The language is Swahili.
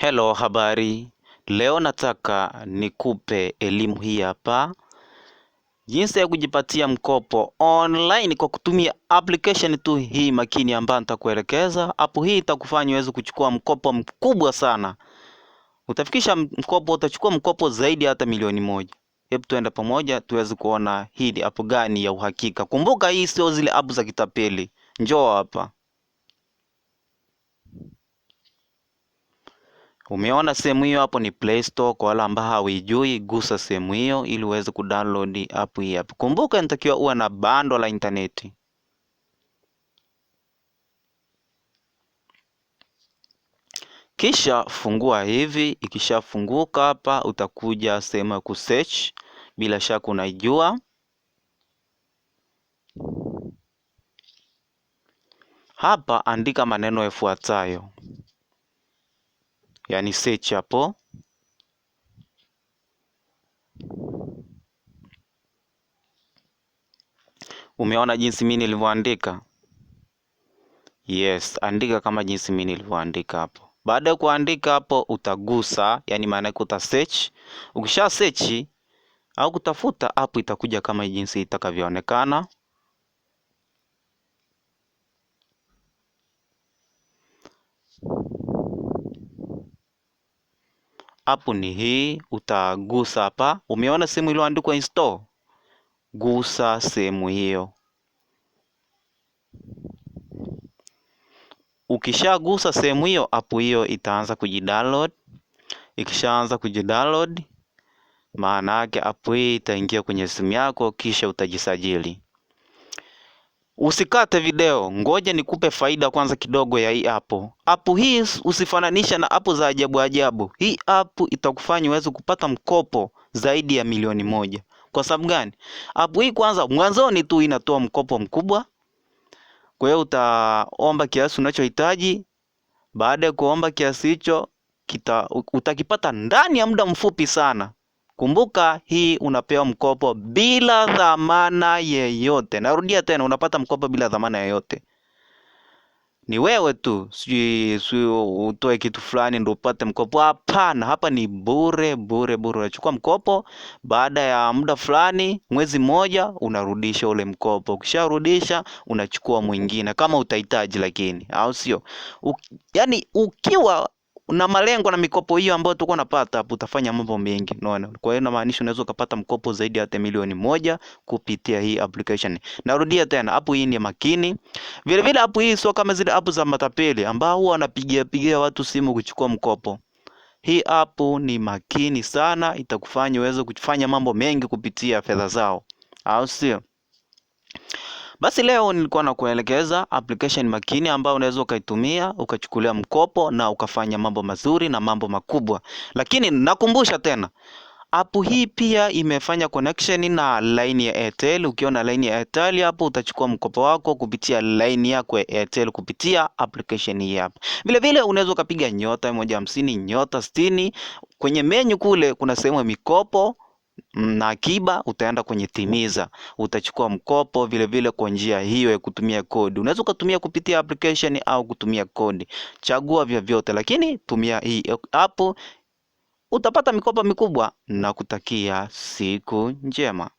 Hello, habari. Leo nataka nikupe elimu hii hapa, jinsi ya kujipatia mkopo online kwa kutumia application tu hii makini ambayo nitakuelekeza hapo. Hii itakufanya uweze kuchukua mkopo mkubwa sana, utafikisha mkopo, utachukua mkopo zaidi hata milioni moja. Hebu tuenda pamoja tuweze kuona hii app gani ya uhakika. Kumbuka, hii sio zile app za kitapeli. Njoo hapa. Umeona sehemu hiyo hapo ni Play Store, kwa wale ambao hawijui, gusa sehemu hiyo ili uweze kudownload app hii hapo. Kumbuka inatakiwa uwe na bando la intaneti. Kisha fungua hivi, ikishafunguka hapa utakuja sehemu ya search, bila shaka unaijua. Hapa andika maneno yafuatayo yani search hapo Umeona jinsi mimi nilivyoandika? Yes, andika kama jinsi mimi nilivyoandika hapo. Baada ya kuandika hapo, utagusa yani, maana yake uta search. Ukisha search au kutafuta, app itakuja kama jinsi itakavyoonekana hapo ni hii, utagusa hapa. Umeona sehemu iliyoandikwa install? Gusa sehemu hiyo. Ukishagusa sehemu hiyo, app hiyo itaanza kujidownload. Ikishaanza kujidownload, maana yake app hii itaingia kwenye simu yako, kisha utajisajili. Usikate video, ngoja nikupe faida kwanza kidogo ya hii apu. Apu hii usifananisha na apu za ajabu ajabu. Hii apu itakufanya uweze kupata mkopo zaidi ya milioni moja. Kwa sababu gani? Apu hii kwanza, mwanzoni tu inatoa mkopo mkubwa, kwa hiyo utaomba kiasi unachohitaji. Baada ya kuomba kiasi hicho, utakipata ndani ya muda mfupi sana. Kumbuka hii unapewa mkopo bila dhamana yeyote. Narudia tena, unapata mkopo bila dhamana yeyote. Ni wewe tu sijui utoe kitu fulani ndio upate mkopo. Hapana, hapa ni bure bure bure. Unachukua mkopo, baada ya muda fulani, mwezi mmoja, unarudisha ule mkopo. Ukisharudisha unachukua mwingine kama utahitaji, lakini au sio? Yaani ukiwa na malengo na mikopo hiyo ambayo tulikuwa napata hapo, utafanya mambo mengi, unaona. Kwa hiyo inamaanisha unaweza ukapata mkopo zaidi hata milioni moja kupitia hii application. Narudia tena, app hii ni makini. Vile vile app hii sio kama zile app za matapeli ambao huwa wanapigia pigia watu simu kuchukua mkopo. Hii app ni makini sana, itakufanya uweze kufanya mambo mengi kupitia fedha zao, au sio? Basi leo nilikuwa na kuelekeza application makini ambayo unaweza ukaitumia ukachukulia mkopo na ukafanya mambo mazuri na mambo makubwa. Lakini nakumbusha tena, app hii pia imefanya connection na line ya Airtel. Ukiona line ya Airtel hapo, utachukua mkopo wako kupitia line yako ya Airtel kupitia application hii hapa. Vile vile unaweza ukapiga nyota 150 nyota 60 kwenye menyu kule, kuna sehemu ya mikopo na akiba utaenda timiza utachukua mkopo vile vile kwa njia hiyo ya kutumia kodi. Unaweza ukatumia kupitia application au kutumia kodi, chagua vyovyote, lakini tumia hii app, utapata mikopo mikubwa na kutakia siku njema.